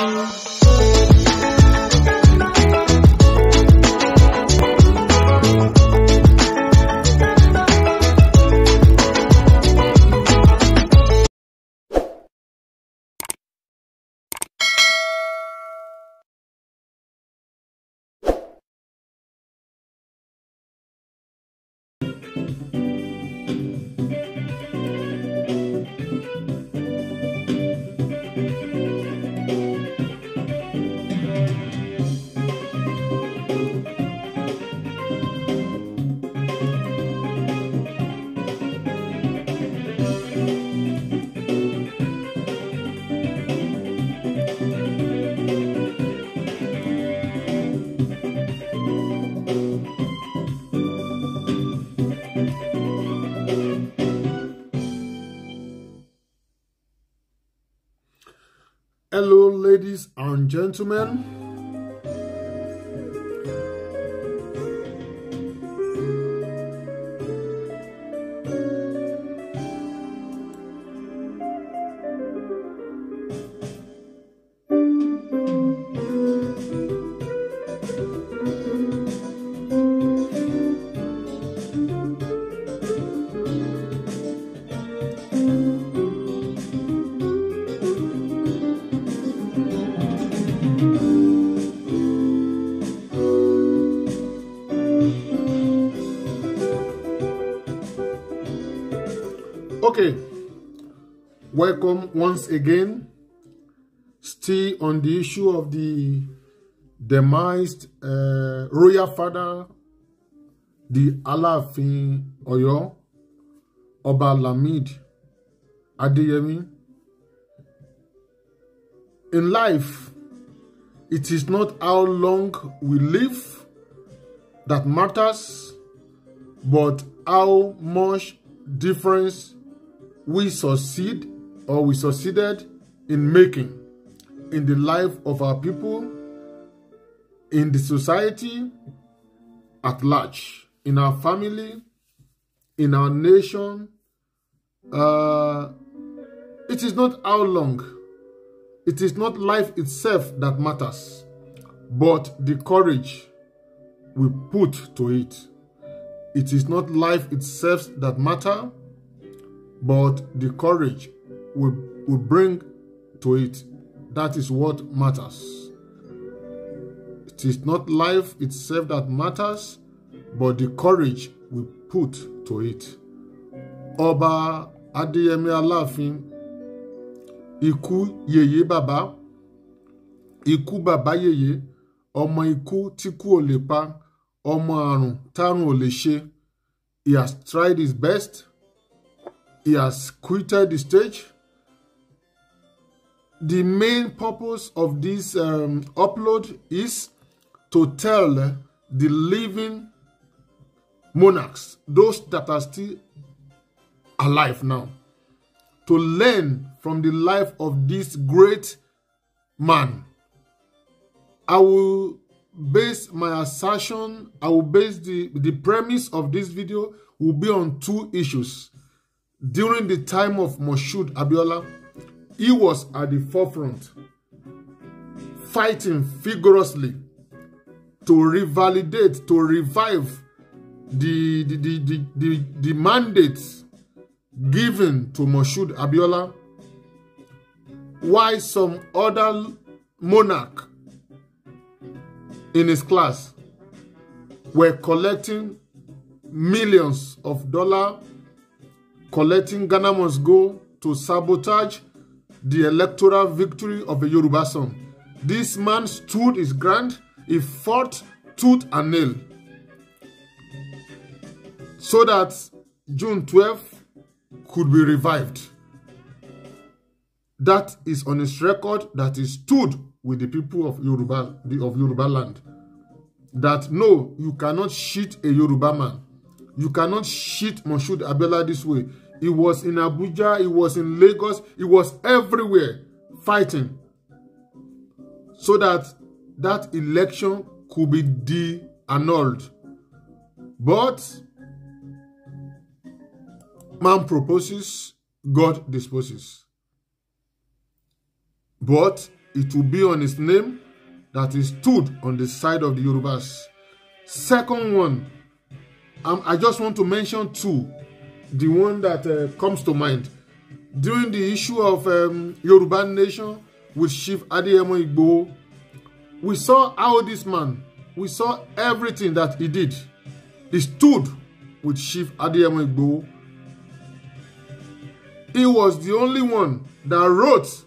Música Hello, ladies and gentlemen. again, still on the issue of the demised uh, royal father, the Alafin Oyo Ọba Lamid Adeyemi. In life, it is not how long we live that matters, but how much difference we succeed or we succeeded in making in the life of our people, in the society at large, in our family, in our nation. Uh, it is not how long, it is not life itself that matters, but the courage we put to it. It is not life itself that matter, but the courage we, will bring to it. That is what matters. It is not life itself that matters, but the courage we put to it. Ọba Adéyẹmí Aláàfin, ikú yèyé bàbá, ikú Baba yèyé, ọmọ ikú tí kú ò lè pa, ọmọ àrùn tárùn ò lè ṣe. He has tried his best. He has quitted the stage the main purpose of this um, upload is to tell the living monarchs, those that are still alive now, to learn from the life of this great man. I will base my assertion, I will base the, the premise of this video will be on two issues. During the time of Moshood Abiola, he was at the forefront, fighting vigorously to revalidate, to revive the, the, the, the, the, the mandates given to Moshood Abiola, while some other monarch in his class were collecting millions of dollars, collecting Ghana must go to sabotage the electoral victory of a Yoruba son. This man stood his ground. He fought tooth and nail. So that June 12th could be revived. That is on his record that he stood with the people of Yoruba, of Yoruba land. That no, you cannot cheat a Yoruba man. You cannot cheat Moshood Abela this way. He was in Abuja, he was in Lagos, he was everywhere fighting so that that election could be de annulled. But man proposes, God disposes. But it will be on his name that he stood on the side of the Yorubas. Second one, Um, I just want to mention two. The one that uh, comes to mind. During the issue of um, Yoruba Nation with Chief Adeyemo Igboho, we saw how this man, we saw everything that he did. He stood with Chief Adeyemo Igboho. He was the only one that wrote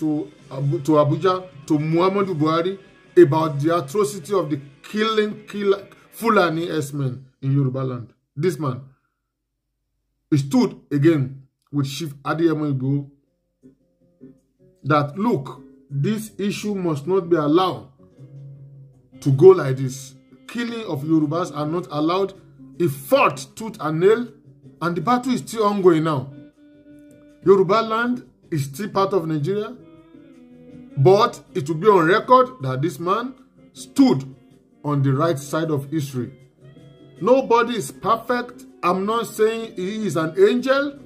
to, Abu, to Abuja, to Muhammadu Buhari, about the atrocity of the killing, killer. Fulani S-men in Yoruba land. This man, he stood again with Chief Adeyemo Igboho that look, this issue must not be allowed to go like this. Killing of Yorubas are not allowed. He fought tooth and nail, and the battle is still ongoing now. Yoruba land is still part of Nigeria, but it will be on record that this man stood on the right side of history. Nobody is perfect. I'm not saying he is an angel,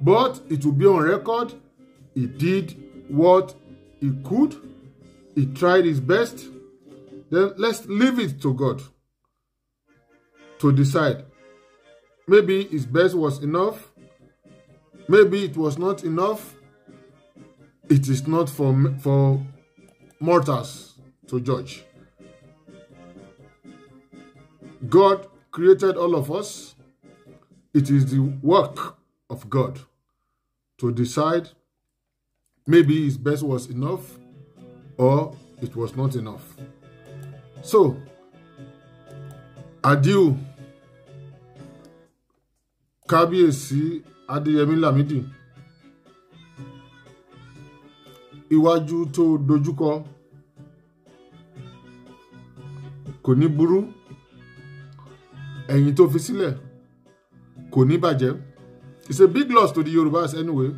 but it will be on record. He did what he could. He tried his best. Then let's leave it to God to decide. Maybe his best was enough. Maybe it was not enough. It is not for, for mortals to judge. God created all of us. It is the work of God to decide maybe his best was enough or it was not enough. So, adieu, Kábíyèsí Adéyẹmí Lámídì, iwájú tó dojúkọ kò ní burú ẹ̀yìn tó fi sílẹ̀ kò ní bàjẹ́ it's a big loss to the Yorubas anyway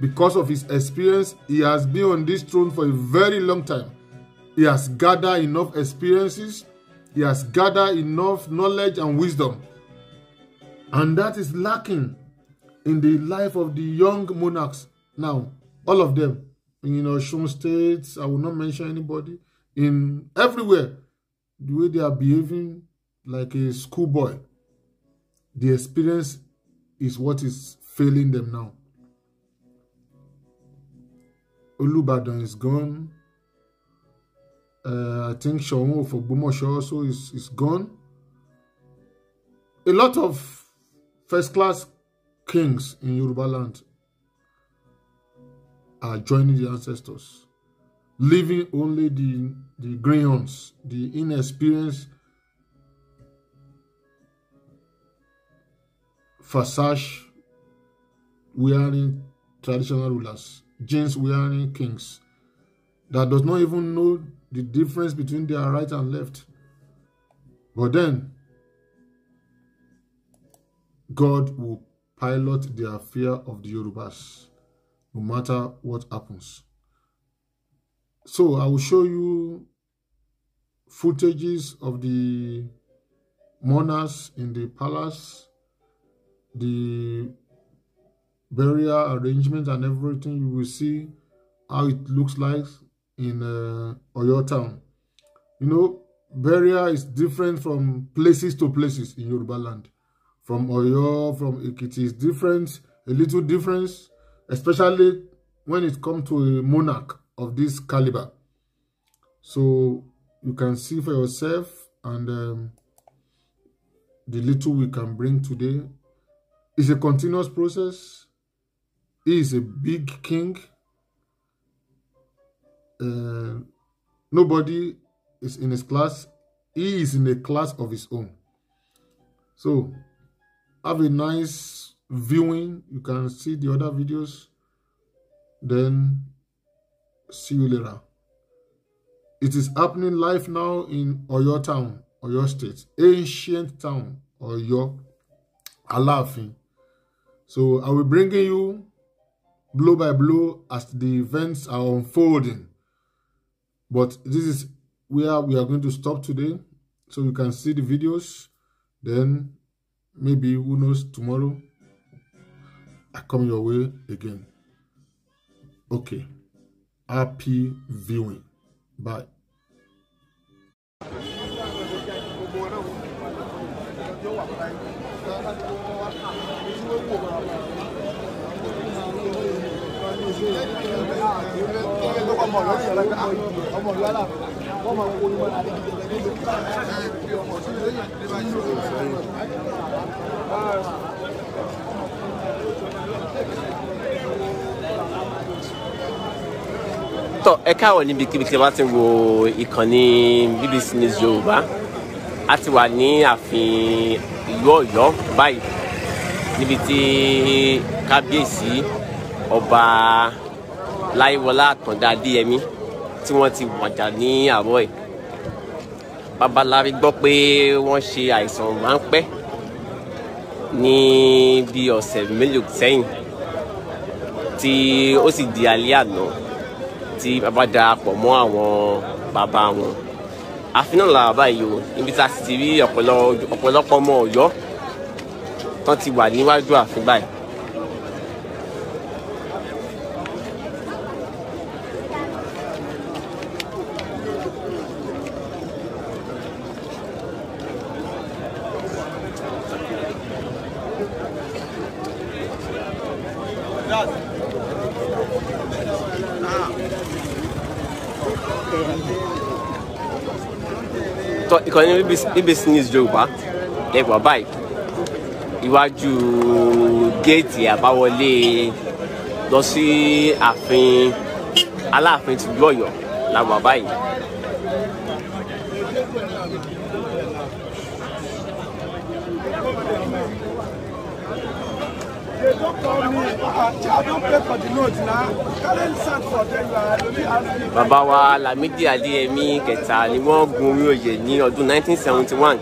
because of his experience he has been on this throne for a very long time he has gathered enough experiences he has gathered enough knowledge and wisdom and that is lacking in the life of the young monarchs now all of them in Osun State I will not mention anybody in everywhere the way they are behaving like a schoolboy. The experience is what is failing them now. Olubadan is gone. Uh, I think Shaun for Ogbomoso also is, is gone. A lot of first class kings in Yoruba land are joining the ancestors, leaving only the, the greyhounds, the inexperienced Fasash wearing traditional rulers, jeans wearing kings, that does not even know the difference between their right and left. But then, God will pilot their fear of the Yorubas, no matter what happens. So I will show you footages of the mourners in the palace the barrier arrangement and everything, you will see how it looks like in uh, Oyo town. You know, barrier is different from places to places in Yoruba land. From Oyo, from it is is different, a little difference, especially when it comes to a monarch of this caliber. So you can see for yourself and um, the little we can bring today it's a continuous process. He is a big king. Uh, nobody is in his class. He is in a class of his own. So, have a nice viewing. You can see the other videos. Then, see you later. It is happening live now in Oyo town, Oyo state, ancient town, Oyo, laughing. So I will bring you blow by blow as the events are unfolding. But this is where we are going to stop today. So you can see the videos. Then maybe who knows tomorrow I come your way again. Okay. Happy viewing. Bye. ọmọ lórí ẹ̀rọ ẹ̀ka ọmọ ìlú aláàbò wọ́n máa ń wo ìwọ̀n àti ìjọba ìlú ọmọ ìlú tọ ẹ káàárọ̀ níbi kíbi tí ti wo ìkànnì BBC News Yorùbá a ti wà ní ààfin ìlú Ọ̀yọ́ báyìí níbi tí kábíyèsí ọba láyéwọlá àkàndá adéyẹmí tí wọ́n ti wàjà ní àárọ̀ ẹ̀ babaláwi gbọ́ pé wọ́n ṣe àìsàn ráńpẹ́ ní bí ọ̀sẹ̀ mélòó sẹ́yìn tí ó sì di alẹ́ àná tí bàbá darapọ̀ mọ́ àwọn bàbá wọn àfihàn làbá yìí o níbi tá a sì ti rí ọ̀pọ̀lọpọ̀ ọmọ ọ̀yọ́ tán ti wà níwájú ààfin báyìí. ìkànnì BBC News Yorùbá ẹ wà báyìí iwájú géètì àbáwọlé lọ sí ààfin aláàfin tìlú Ọ̀yọ́ la wà báyìí. Bàbá wa Lamidi Adéyẹmí kẹta ni wọ́n gun orí oyè ní ọdún 1971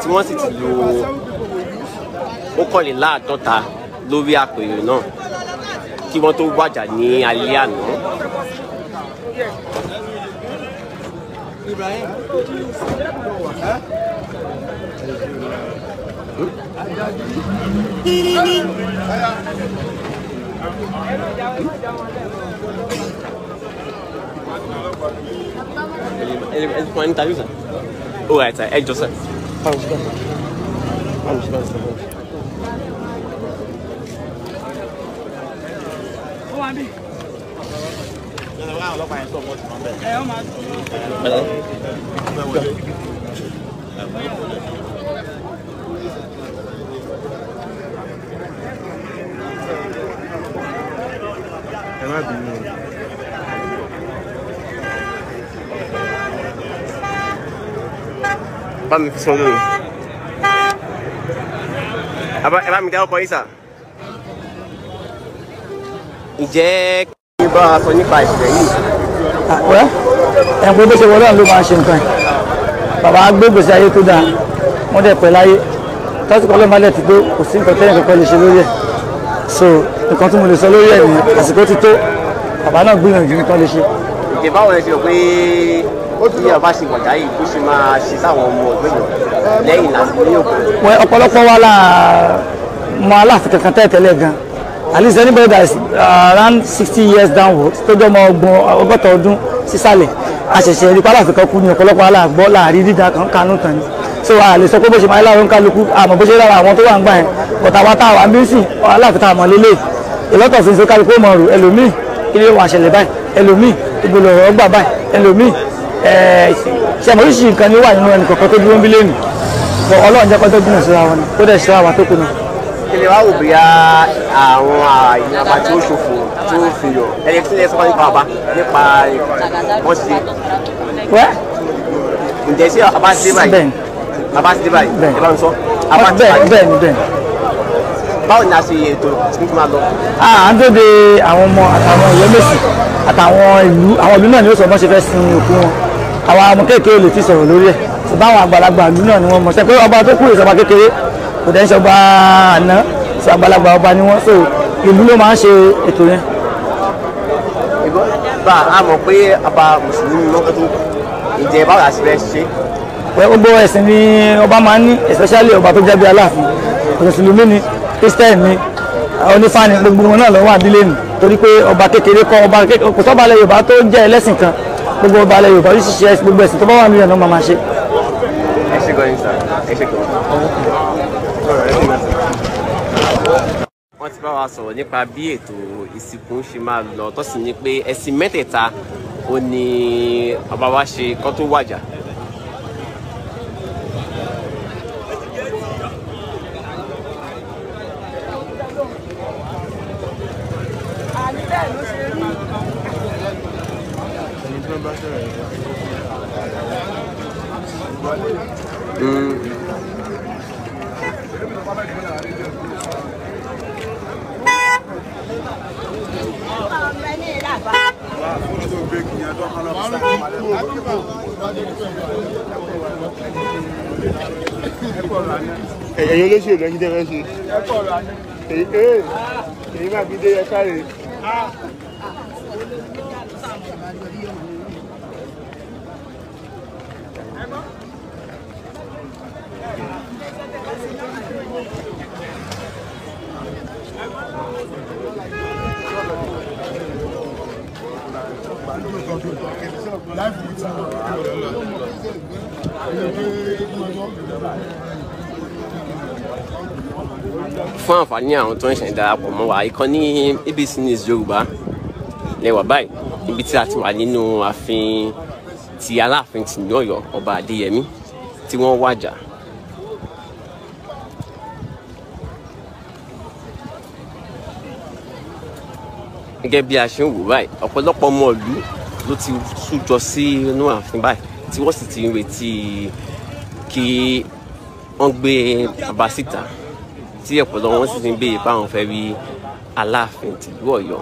tí wọ́n sì ti lò mọ́kànléláàádọ́ta lórí àpèrè náà kí wọ́n tó wájà ní alẹ́ àná. Ibrahim. All oh, right, I just said. wà bí. ẹ ọ máa tó. ẹ má bínú o. bá mi fi sọ́dọ̀ ẹ bá mi dá ọkọ̀ yìí sà ǹjẹ́. kí ni bá a sọ nípa ìṣẹ̀lẹ̀ yìí. àpẹ ẹ̀ ń pé bó ṣe wọlé ló máa ṣe nǹkan ẹ̀ bàbá gbé gbèsè ayé tó dáa wọ́n dẹ̀ pẹ́ láyé tásìkò ọlọ́run bá dẹ̀ ti gbé kò sí nǹkan tẹ́yìn kankan lè ṣe lórí ẹ̀ so nǹkan tí mo lè sọ lórí ẹ̀ nìyẹn àsìkò ti tó bàbá náà gbìyànjú nǹkan lè ṣe. ǹjẹ́ báwo ẹ ṣe rò pé bí ọba ṣe wọ̀dá yìí bó ṣe máa ṣe sáwọn ọmọ ọ̀gbìn lẹ́yìn làásìkò ní òkú. ọ̀pọ̀lọpọ̀ wa la mọ aláàfin kankan tẹ́ẹ̀tẹ́lẹ̀ gan-an at least anybody that is uh, around sixty years downwards tó jọmọ ọgbọ̀n ọgọ́ta ọdún sísàlẹ̀ àṣẹ̀ṣẹ̀ nípa aláfikàn kú ní ọ̀pọ̀lọpọ̀ aláàgbọ́ láàrin dídá kan kánú tán ni so a lè sọ pé bó ṣe máa láwọn ń kálukú àmọ́ bó ṣe rà àwọn tó wà ń gbà yẹn bọ̀tà wa táwa ń bí sìn aláfikà àmọ́ lélẹ̀ ìlọ́tọ̀ fi ń so kálukú mọ̀ rù ẹlòmíì kí ló wà ṣẹlẹ̀ báyìí ẹlòmíì ìgbòlò ọ̀rọ̀ gbà báyìí ẹlòmíì eh, ṣẹ̀mọ̀ oríṣiríṣi nǹkan ni ó wà nínú ẹnì kọ̀ọ̀kan tó dúró ń bí lẹ́nu ọlọ́run jẹ́ kó tó gbìyànjú ra wọn ni ó dẹ̀ ṣe ra wa tó kù náà kí lè wá wò bóyá àwọn ìyàbá tí ó ṣòfò tí ó fi yọ ẹni tí lè sọ nípa bàbá nípa wọn ṣe. wẹ́. ǹjẹ́ ṣé bàbá ti dé báyìí bàbá ti dé báyìí ẹ bá mi sọ. bẹ́ẹ̀ bẹ́ẹ̀ ni bẹ́ẹ̀ báwo ni a ṣe ètò tuntun máa lọ. à ń dóde àwọn ọmọ àtàwọn ìyẹ́lẹ́sì àtàwọn ìlú àwọn ìlú náà ni ó sọ bọ́n ṣe fẹ́ sin òkú wọn àwọn ọmọ kéékèèké lè ti sọ̀rọ̀ lórí ẹ̀ ṣùgbọ́n àwọn àgbàlagbà ìlú náà ni wọ́n mọ̀ ṣe pé ọba tó kú ìṣọba kékeré kò dẹ́ ṣọba àná ṣọ àgbàlagbà ọba ni wọ́n so ìlú ló máa ń ṣe ètò yẹn. bá a mọ̀ pé ọba mùsùlùmí lọ́kàn tó ìjẹ́ báwo la sì fẹ́ ṣe. gbogbo ẹ̀sìn ni ọba máa ń ní especially ọba tó jẹ́ bí aláàfin mùsùlùmí ni christian ni onífà ni gbogbo wọn náà ló wà nílé nù torí pé ọba kékeré kọ́ ọba kékeré kò sọ́ba alẹ́ yorùbá tó jẹ́ ẹlẹ́sìn kan gbogbo ọba alẹ́ yorùbá yóò ṣiṣẹ́ gbogbo ẹ̀sìn tó bá wà nílẹ̀ náà máa máa ṣe. ẹ ṣe gan ẹ ṣe gan láti bá wa sọ̀rọ̀ nípa bí ètò ìsìnkú ṣe máa lọ tó sì ní pé ẹ̀sìn mẹ́tẹ̀ẹ̀ta ó ní ọba wa ṣe kó tó wàjà. Mm. ẹ̀yin olóṣèlú ẹ̀yin tẹ́lẹ̀ ṣe èyí eh, máa fi dé ẹ káre. Thank you. tọ́jú ẹ̀ láìpẹ́ tí wọ́n ti lọ lọ. fún àǹfààní àwọn tó ń ṣẹ̀ darapọ̀ mọ́ wa ìkànnì ABC News Yorùbá lẹ́wà báyìí níbi tí a ti wà nínú ààfin ti Aláàfin tìlú Ọ̀yọ́ ọba Adéyẹmí tí wọ́n wájà. gẹ́gẹ́ bí a ṣe ń wò báyìí ọ̀pọ̀lọpọ̀ ọmọ ìlú ló ti sújọ sí inú ààfin báyìí tí wọ́n sì ti ń retí kí wọ́n gbé bàbá síta tí ọ̀pọ̀lọpọ̀ wọn sì ti ń béèrè báwọn fẹ́ rí aláàfin tìlú ọ̀yọ́.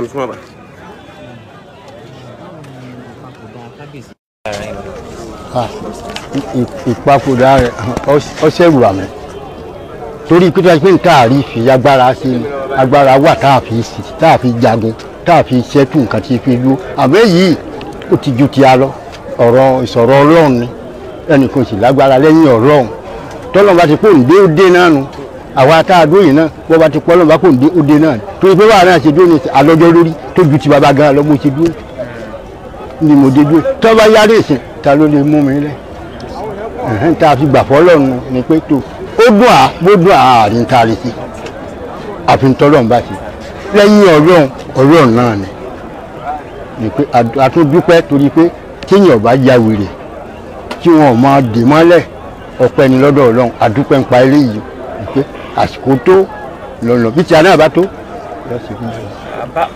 bá mi fún bàbá. Ah, ìpapòdà rẹ̀ ọṣẹ́ ìwà mi torí pé tó ṣe pé nǹkan àrífi agbára sí ni agbára wà tá a fi tá a fi jagun tá a fi ṣẹ́tù nǹkan tí fi dúró àmọ́ yìí ó ti ju ti a lọ ọ̀rọ̀ ìsọ̀rọ̀ ọlọ́run ni ẹnì kan sì lágbára lẹ́yìn ọlọ́run tọ́lọ́run bá ti pé òǹdé ó dé náà àwa tá a dúró yìí náà wọ́n bá ti pọ́ lọ́nà bá kò ní òde náà torí pé wàhálà ṣe dúró ní alọ́jọ́ lórí tó ju ti bàbá gan lọ́gbọ́n ṣe dúró ni mo dé dúró tó bá yára ìsìn ta ló lè mú mi lẹ tá fi gbà fọ́ lọ́nu ni pé tó ó dùn à bó dùn à àárín tá a lè ṣe àfi ń tọ́lọ́ bá ṣe lẹ́yìn ọlọ́run ọlọ́run náà ni ni pé àtúndúpẹ́ torí pé kéèyàn bá ya wèrè kí wọn máa dè mọ́lẹ̀ ọpẹ́ ni lọ́dọ̀ ọlọ́run àdúpẹ́ ń pa eléyìí àsìkò tó lọ́nà bí tí a náà bá tó lọ́sìkò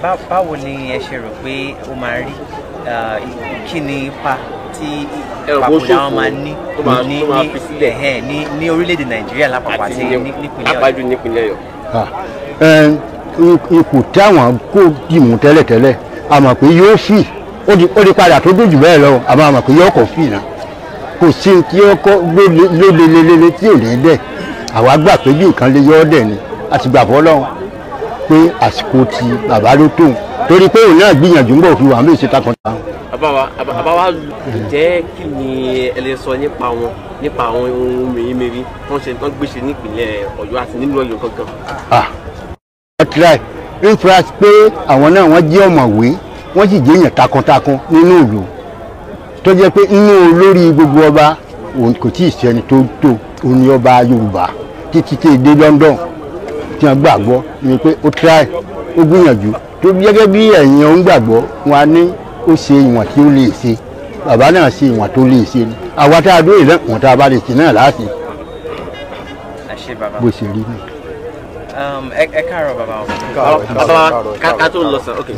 náà báwo ni ẹ ṣe rò pé ó máa rí kí ni ipa tí papòdà wọn máa ní ní ní ní orílẹ̀-èdè nàìjíríà lápapọ̀ àti nípínlẹ̀ ọ̀yọ́. nípínlẹ̀ ọ̀yọ́. ipò táwọn kò dìmú tẹ́lẹ̀tẹ́lẹ̀ a mọ̀ pé yóò fì ó di padà tó dùn jù bẹ́ẹ̀ lọ àmọ́ a mọ̀ pé yóò kọ̀ fì náà kò sí tí ó kọ́ lólelele tí ò ní dẹ̀ àwa gbà pé bí nǹkan lè yọ ọ́ dẹ̀ ni a ti gbà fọ́ lọ́hùn pé àsìkò ti bàbá ló tóun torí pé òun náà gbìyànjú ń bọ̀ fi wà ń bèsè takọ̀tà. àbáwá àbáwá jẹ́ kí ni ẹ lè sọ nípa wọn nípa àwọn ohun mèremère tó ń ṣe tó ń gbèsè nípìnlẹ̀ ọ̀yọ́ àti nílùú ọ̀yọ́ gangan. wọ́n tíráì nípa pé àwọn náà wọ́n jẹ́ ọ̀mọ̀wé wọ́n sì jẹ́ èèyàn takuntakun nínú ìlú tó jẹ́ pé inú olórí gbogbo ọba kò tí ì sẹ́ni tó tó òun ni ọba Yorùbá títí tí èdè London tí wọ́n gbàgbọ́ ni pé ó try ó gbìyànjú tó gẹ́gẹ́ bí ẹ̀yin òun gbàgbọ́ wọn á ní ó ṣe ìwọ̀n tí ó lè ṣe bàbá náà ṣe ìwọ̀n tó lè ṣe ni àwa tá a dúró ìlẹ́ ìwọ̀n tá a bá lè ṣe náà láti bó ṣe rí ni. Um, ẹ káàárọ̀ bàbá wa bàbá ká tó lọ sàn ok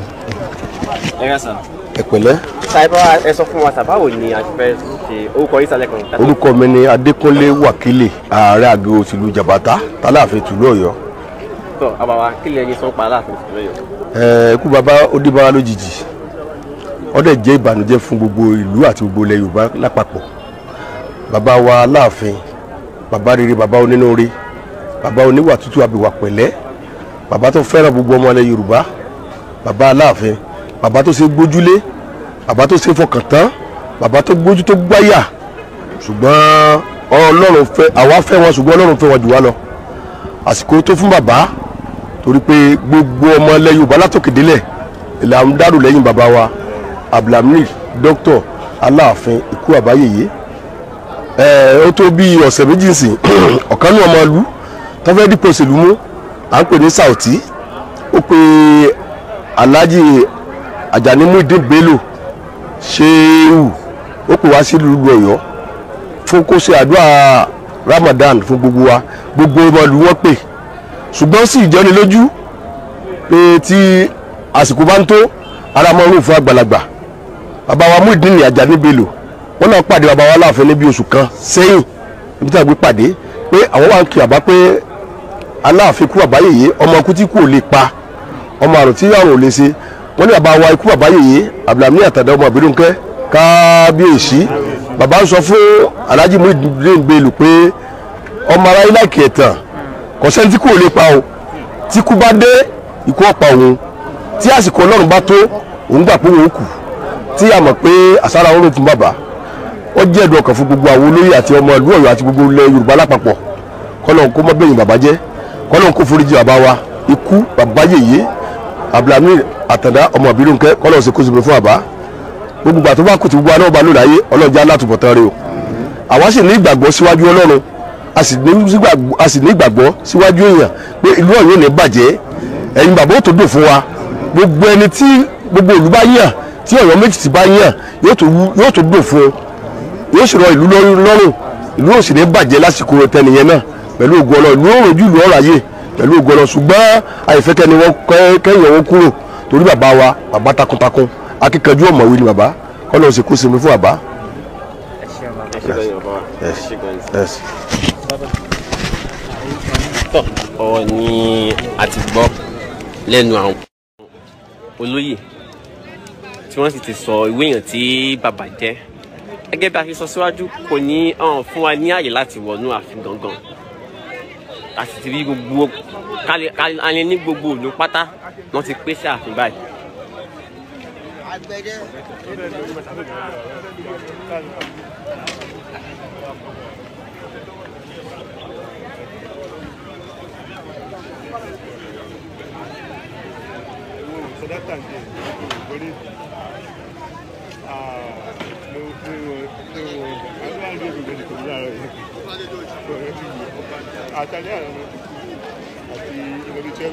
ẹ ká sàn ẹ pẹ̀lẹ́. ṣàìbá ẹ sọ fún wa sàbáwò ni a ti fẹ́ ṣe orúkọ yìí sálẹ̀ kan. orúkọ mi ni adékúnlé wákìlì ààrẹ àgbẹ̀ òṣèlú jàbátá tálàfin tùlú ọ̀yọ́. tọ àbàwà kí lè yín sọ pa aláàfin tùlú ọ̀yọ́. ẹ ikú bàbá odíbára lójijì ó dẹ̀ jẹ́ ìbànújẹ́ fún gbogbo ìlú àti gbogbo ilẹ̀ yorùbá lápapọ̀ Baba wa aláàfin bàbá rere Baba onínúure bàbá oníwà tútù àbíwà pẹ̀lẹ́ bàbá tó fẹ́ràn gbogbo ọmọ ilẹ̀ yorùbá bàbá aláàfin bàbá tó ṣe gbójúlé bàbá tó ṣe fọkàn tán bàbá tó gbójú tó gbáyà ṣùgbọ́n ọlọ́run fẹ́ àwa fẹ́ wọn ṣùgbọ́n ọlọ́run fẹ́ wọn jù wá lọ àsìkò tó fún bàbá torí pé gbogbo ọmọ ilẹ̀ Yorùbá látòkè délẹ̀ ìlà ń dárò lẹ́yìn bàbá wa abdulhamid dókítọ̀ aláàfin ikú àbáyèyé ẹ ó tó bí ọ̀sẹ̀ méjì sìn ọ̀kan ní ọmọ ìlú tó fẹ́ dípò òṣèlú mú à ń pè ní Saoti ó pe Alhaji Àjàní Muideen Bello Ṣehu ó pè wá sí ìlú Ọ̀yọ́ fún kó ṣe àdúrà Ramadan fún gbogbo wa gbogbo ọmọlú wọn pè ṣùgbọ́n sì jọni lójú pé tí àsìkò bá ń tó ara mọ́ rò fún àgbàlagbà bàbá wa Muideen Àjàní Bello wọn náà pàdé bàbá wa láàfin níbi oṣù kan sẹ́yìn níbi tí a gbé pàdé pé àwọn wa ń kí àbá pé Aláàfin kú àbáyèyé ọmọ kú tí kú lè pa ọmọ àrùn tí àrùn ò lè ṣe wọ́n ní bàbá wa ikú bàbá yèyé abdulhamid àtàdá ọmọ àbírúnkẹ́ kábíyèsí bàbá ń sọ fún alhaji muhammed bello pé ọmọ aráyé láìkì ẹ̀tàn kọ̀sẹ́ni tí kò lè pa o tí kú bá dé ikú ọ̀pá òun tí àsìkò ọlọ́run bá tó òun gbà pé òun kù tí a mọ̀ pé àsárá òun ló tún bàbá ó jẹ́ ẹ̀dùn ọkàn fún gbogbo àwọn olóyè àti ọmọ ìlú ọ̀yọ́ àti gbogbo ilẹ̀ yorùbá lápapọ̀ kọ́lọ́n kó mọ́ bẹ̀yìn bàbá jẹ́ kọ́lọ́n kó foríjì bàbá wa ikú bàbá yèyé abdulhamid àtàndá ọmọ ìbílú nkẹ́ kọ́lọ́ sí kóso fún àbá gbogbo ìgbà tó bá kùtù gbogbo anáwó bá lò láyé ọlọ́jà látùbọ̀ tán rè o àwa sì ní ìgbàgbọ́ síwájú ọlọ́run a sì ní ìgbàgbọ́ síwájú èèyàn pé ìlú ọ̀yọ́ ò ní bàjẹ́ ẹ̀yin bàbá ò tó dùn fún wa gbogbo ẹni tí gbogbo ìlú bá yàn tí ọ̀yọ́ méjì ti bá yàn yóò tó dùn fún yóò sì rọ ìlú lọ́rùn ìlú ò sì ní bàjẹ́ lásìkò tẹnìyẹn náà pẹ̀lú ògùn ọlọ́ ìlú òròjú ìlú ọ̀rọ̀ ayé pẹ̀lú ògùn ọlọ́ ṣùgbọ́n àìfẹ́kẹ́ni wọn kẹ́yìn wọn kúrò torí bàbá wa bàbá takuntakun akíkanjú ọ̀mọ̀wé ni bàbá kọ́lọ́ sì kó sinmi fún bàbá. ọ̀rọ̀ ni a ti gbọ́ lẹ́nu àwọn olóyè tí wọ́n sì ti sọ ìwé èèyàn tí bàbá jẹ́ gẹ́gẹ́ bí a ṣe sọ síwájú kò ní fún wa ní àyè láti wọnú ààfin gangan a ti rí gbogbo kálẹ̀ ní gbogbo òlò pátá wọ́n ti pé sáàfin báyìí. Àtàlẹ́ àwọn ọmọ àti ìrọ̀lẹ́ tẹ́lẹ̀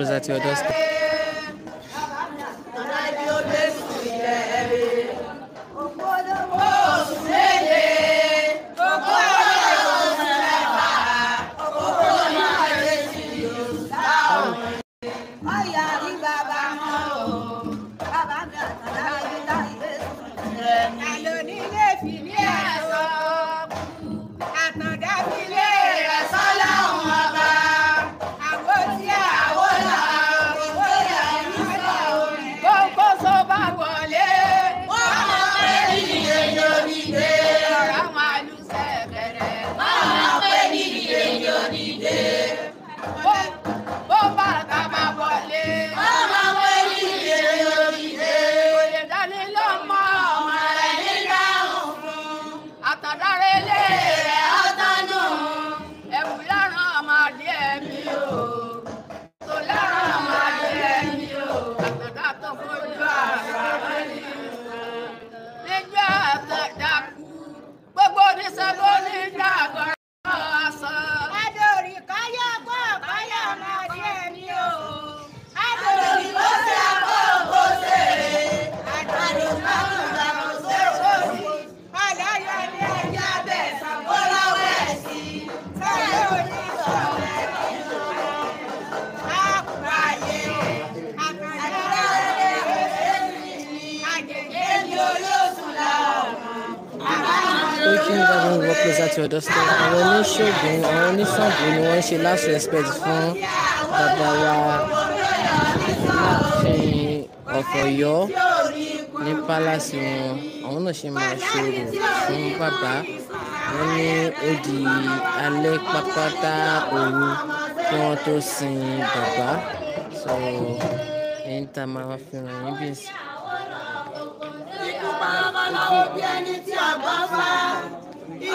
Cruzeiro Teodoro. closer to your doorstep. Àwọn oníṣègùn, àwọn oníṣàngó ni wọ́n ń ṣe last respect fún Bàbá wa láàfin eh, ọ̀fọ̀yọ́ ní pálásì wọn. Àwọn náà ṣe máa ṣòro fún bàbá. Wọ́n ní ó di alẹ́ pápátá òru kí wọ́n tó sin bàbá. So, ẹ̀yin tá a máa fi ràn yín bí èsì. Ikú pàápàá lọ́wọ́ bí ẹni tí a bá fà á.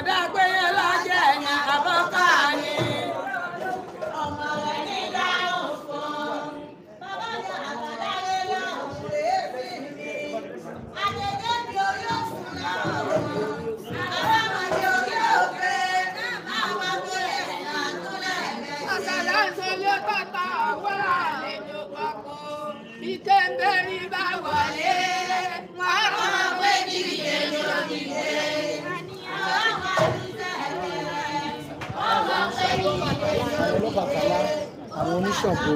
got àgbẹ̀yẹ. Ọbàtálá àwọn oníṣàngó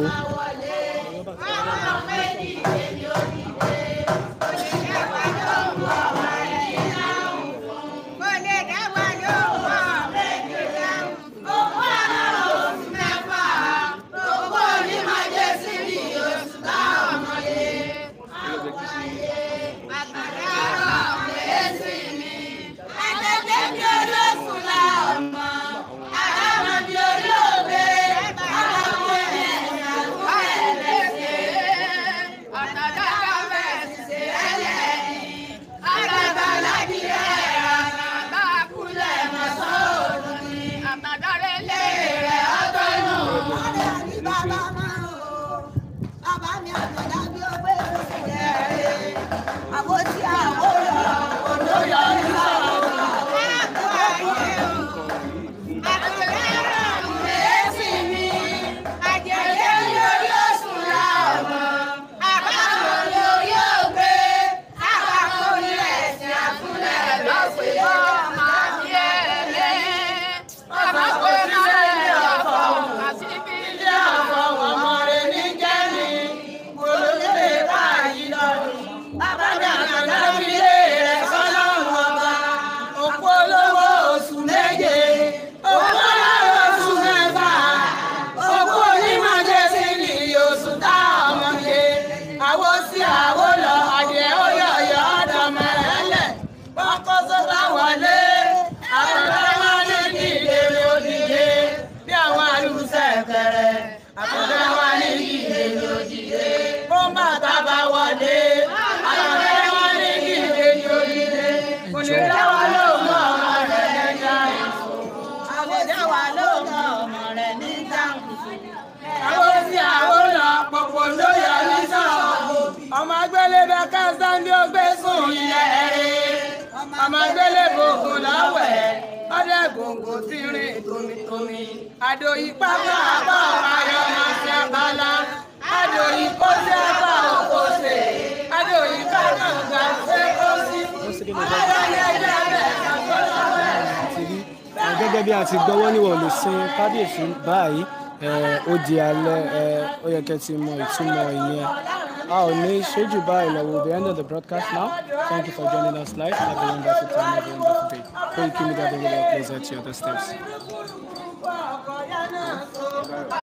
wà lóòótọ́ ọmọ rẹ̀ ní jàǹkùsù. àwọn sí àwòrán pọ̀pọ̀ ló yọ ní sọ̀rọ̀. ọmọ agbélébẹ kásá ní ogbé sùn ilẹ̀ rẹ̀. ọmọ agbélébẹ ògùn láwẹ̀ ọdẹ gbòǹgbò ti rìn tómitómi. àdó ipá bá a bá ọmọ ayọ̀ máa ṣe abala. àdó ipó sí abá òkòṣe. àdó ipá náà gbà ṣe kó sí. ọ̀rọ̀ yẹn gẹ́gẹ́ bí a ti gbọ́wọ́ níwọ̀n lè sin kábíyèsí báyìí ó di alẹ́ ó yẹ kẹ́ ti mọ ìtumọ̀ ìyẹn a ò ní ṣojú báyìí lọ we'll be ending the broadcast now thank you for joining us live have a wonderful time have a wonderful day Koikimedia Adébọ́lá plays at your steps.